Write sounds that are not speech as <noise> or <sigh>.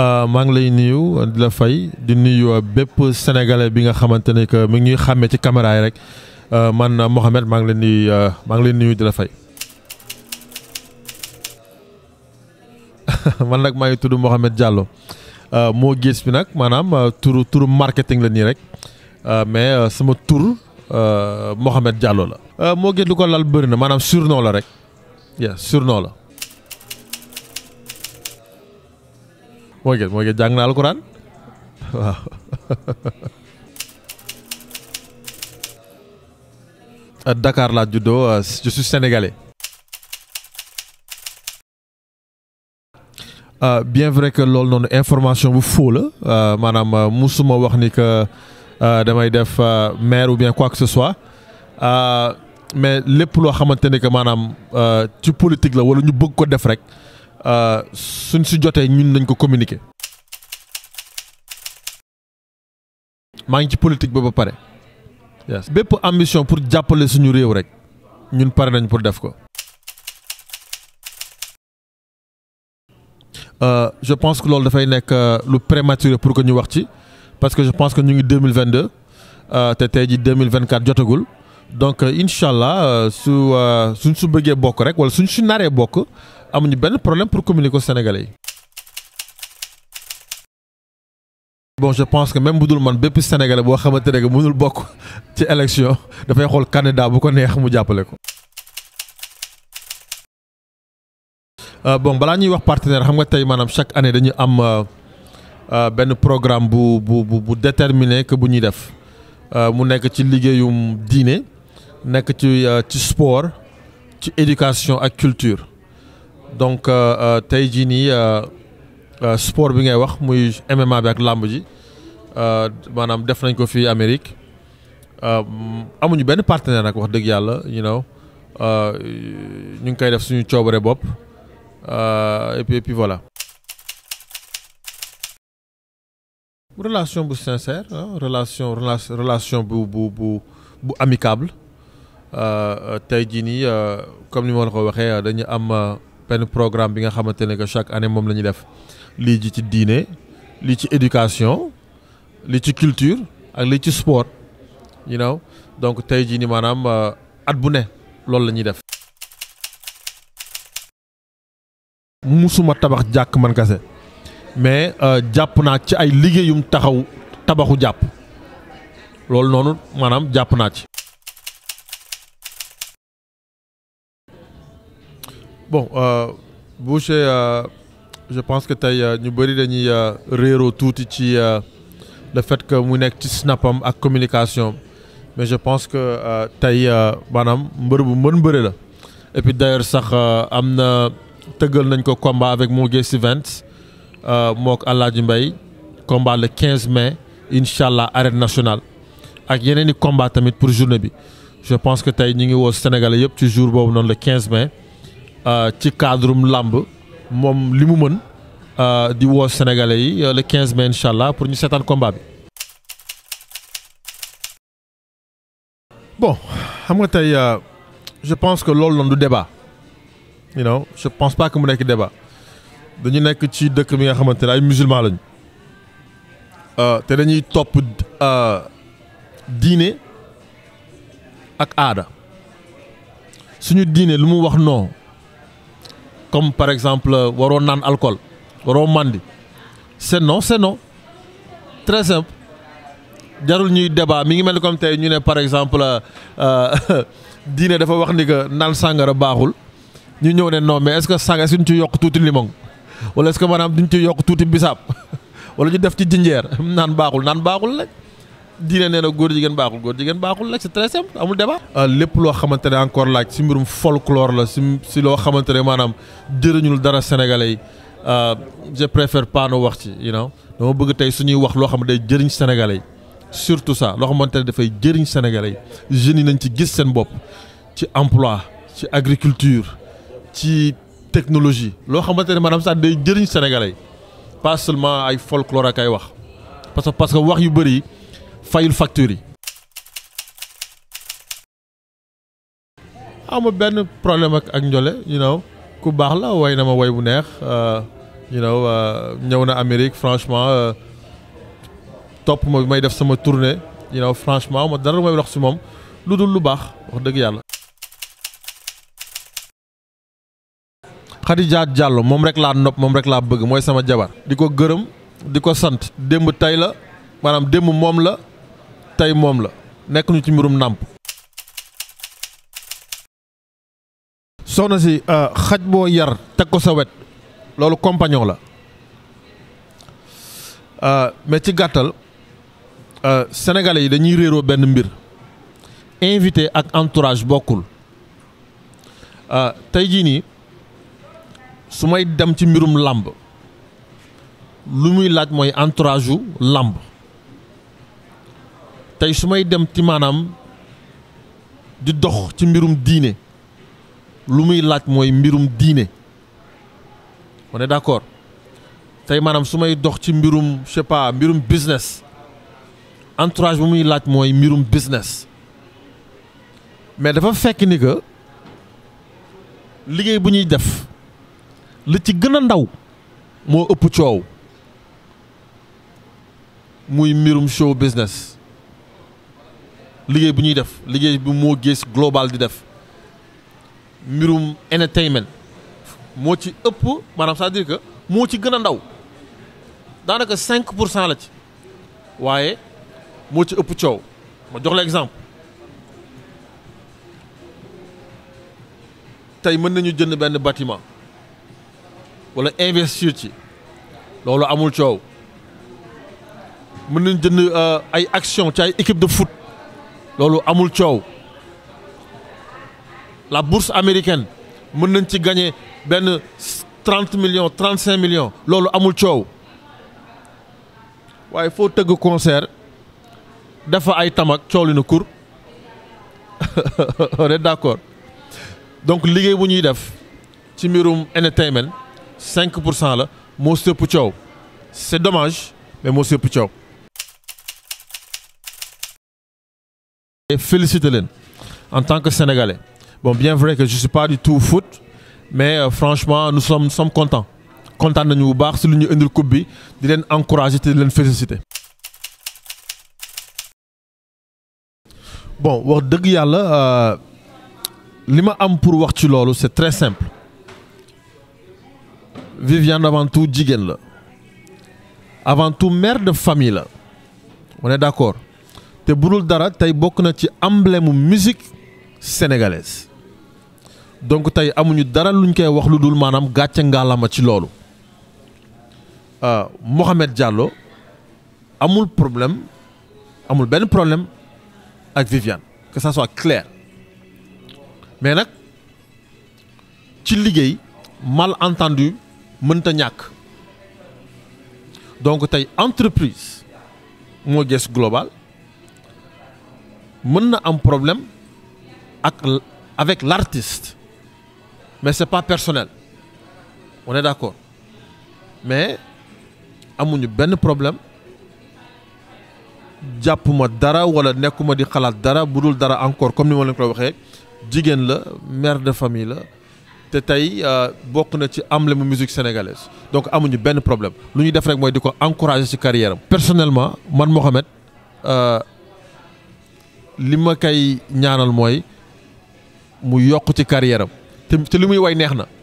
Euh, maa ngi lay nuyu di la fay di nuyu bépp sénégalais bi nga xamante ne que mi ngi xàmmee ci caméra rek euh, man Mohamed maa ngi leen di euh, maa ngi leen nuyu di la fay. <laughs> man nag maa ngi tudd Mohamed moo gis bi nag maanaam turu turu marketing la nii rek mais sama tur Mohamed Diallo la. moo gis lu ko lal bëri na maanaam surnom la rek yeah surnom la. moo moo jàng naa alquran waaw. Dakar laa juddoo euh, je suis euh, bien vrai que loolu noonu information bu faux la euh, maanaam musuma wax ni que damay def maire ou bien quoi que ce soit mais lépp loo xamante ni que maanaam ci politique la wala ñu bëgg ko def rek. Euh, suñ si jotee ñun nañ ko communiquer. maa ngi ci politique ba ba pare. bépp ambition pour jàppale suñu réew rek ñun pare nañ pour def ko. Euh, je pense que loolu dafay nekk euh, lu prématuré pour que ñu wax ci parce que je pense que ñu ngi deux mille vingt deux te tey ji deux mille vingt quatre jotagul. donc incha allah su suñ su bëggee bokk rek wala suñ su naree bokk. amuñu benn problème pour communiquer ko Sénégalais yi. bon je pense que même bu dul man bépp Sénégalais boo xamante ne mënul bokk ci élection dafay xool candidat bu ko neex mu jàppale ko. Euh, bon balaa ñuy wax partenaire xam nga tey maanaam chaque année dañu am euh, euh, benn programme bu bu bu bu déterminé bu ñuy def mu nekk ci liggéeyum diine nekk ci ci sport ci éducation ak culture. donc euh, euh, tey jii nii euh, sport bi ngay wax muy MMA bi ak làmb ji maanaam def nañ ko fii Amérique amuñu benn partenaire ak wax dëgg yàlla you know ñu ngi koy def suñu coobare bopp et puis et relation bu sincère relation relation bu bu bu bu amicable tey jii nii comme ni ma la ko waxee dañu am. benn programme bi nga xamante ne que chaque année moom lañu def lii ji ci diine lii ci éducation lii ci culture ak lii ci sport you know donc tey jii ni maanaam euh, at bu ne loolu la ñuy def. musuma tabax jàkk man kase mais euh, jàpp naa ci ay liggéeyum taxaw tabaxu jàpp loolu noonu maanaam jàpp naa ci. bon euh, Boucher euh, je pense que tey euh, ñu bëri dañuy réeroo tuuti ci le fait que mu nekk ci snapam ak communication mais je pense que tey maanaam mbër bu mën mbëre la et puis d'ailleurs sax am na tëggal nañ ko combat avec Mo Gates Events mook Alaaji Mbay combat le 15 mai incha allah arène nationale ak yeneen i combat tamit pour journée bi je pense que tey ñu ngi woo Sénégalais yëpp ci jour boobu noonu le 15 mai Euh, ci cadrum làmb moom li mu mën euh, di woo sénégalais yi euh, le 15 mai incha allah pour ñu seetaan combat bi. bon xam nga tey je pense que loolu noonu du débat you know je pense pas que mu nekk débat dañu nekk ci dëkk bi nga xamante ne ay musulman lañu te dañuy topp diine ak aada suñu diine lu mu wax non. comme par exemple euh, waroo naan alcool waroo màndi senon non c'est non très jarul ñuy débat mi ngi mel ni comme tey ñu ne par exemple euh, euh, <laughs> diine dafa wax ni que naan sàngara baaxul ñu ñëw ne non mais est-ce que sàngara ñu ci yokk tuuti limon wala est-ce que maanaam ñu ci yokk tuuti bisaab <laughs> wala ñu def ci jinjeer <laughs> naan baaxul naan baaxul rek. diine nee góor góor jigéen baaxul góor jigéen baaxul nag c'est très simple amul débat. Euh, lépp loo xamante ne encore laaj si mbirum folklore la si si loo xamante ne maanaam jëriñul dara sénégalais yi euh, je préfère pas no wax ci you know bëgg tey suñuy wax loo xam ne day jëriñ sénégalais surtout ça loo xamante ne dafay jëriñ sénégalais yi jeunes yi nañ ci gis seen bopp ci emploi ci agriculture ci technologie loo xamante ne maanaam sax day jëriñ sénégalais yi pas seulement ay folklore ak ay wax parce que parce que wax yu bëri. fayul facture yi. amul benn problème ak njole Ndiolé you ku baax la woy na ma woy bu neex euh, you know euh, ñëw na Amérique franchement euh, topp ma may def sama tournée you know franchement ma dara may wax si moom lu dul lu baax wax dëgg yàlla. Khadija Diallo moom rek laa nopp moom rek laa bëgg mooy sama jabar. di ko gërëm di ko sant démb tey la maanaam démb moom la. tey moom la nekk ñu ci mbirum nàmp soxna si euh, xaj boo yar teg ko sa wet loolu compagnon la euh, mais ci gàttal euh, sénégalais yi dañuy réeroo benn mbir invité ak entourage bokkul tey jii nii su may dem ci mbirum làmb lu muy laaj mooy entourage wu làmb tey su may dem ci maanaam di dox ci mbirum diine lu muy laaj mooy mbirum diine on est d'accord tey maanaam su may dox ci mbirum je sais mbirum business entourage bu muy laaj mooy mbirum business mais dafa fekk ni que liggéey bu ñuy def li ci gën a ndaw moo ëpp coow muy mbirum show business liggéey bu ñuy def liggéey bi moo gis global di def mbirum entertainment moo ci ëpp maanaam c'est-à-dire moo ci gën a ndaw daanaka cinq pour cent la ci waaye moo ci ëpp coow ma jox la exemple tey mën nañu jënd benn bâtiment wala investir ci loolu amul coow mën nañu jënd euh, ay action ci ay équipe de foot loolu amul coow la bourse américaine mën nañ ci gañe benn trente millions trente cinq millions loolu amul coow waaye foo tëgg concert dafa ay tamak coow li na kur <laughs> on est d'accord donc liggéey bu ñuy def ci mbirum entertainment cinq pour cent la moo sëpp coow c'est dommage mais moo sëpp coow. et féliciter leen en tant que sénégalais bon bien vrai que je suis pas du tout mais euh, franchement nous sommes nous kontaan nañu bu baax si lu ñu indil coupe bi di leen encourager te leen féliciter. bon wax dëgg yàlla euh, li ma am pour wax ci loolu c'est très simple Viviane avant tout jigéen la avant tout mère de famille la on est d'accord. te budul dara tey bokk na ci emblème musique sénégalaise donc tey amuñu dara luñ koy wax lu dul maanaam gàcce ngaalama ci loolu euh, Mohamed Diallo amul problème amul benn problème ak Viviane que ça soit clair mais nag ci liggéey mal malentendu mënta ñàkk donc tey entreprise moo gis global mën na am problème ak avec l'artiste mais c'est pas personnel on est d'accord mais amuñu benn problème jàppuma dara wala nekkuma di xalaat dara bu dul dara encore comme ni ma leen ko waxee jigéen la maire de famille la te tey euh, bokk na ci emblème mu musique sénégalaise donc amuñu benn problème lu ñuy def rek mooy di ko encourager ci carrière am personnellement man Mohamed. Euh, li ma koy ñaanal mooy mu yokk ci carrière am te li muy way neex na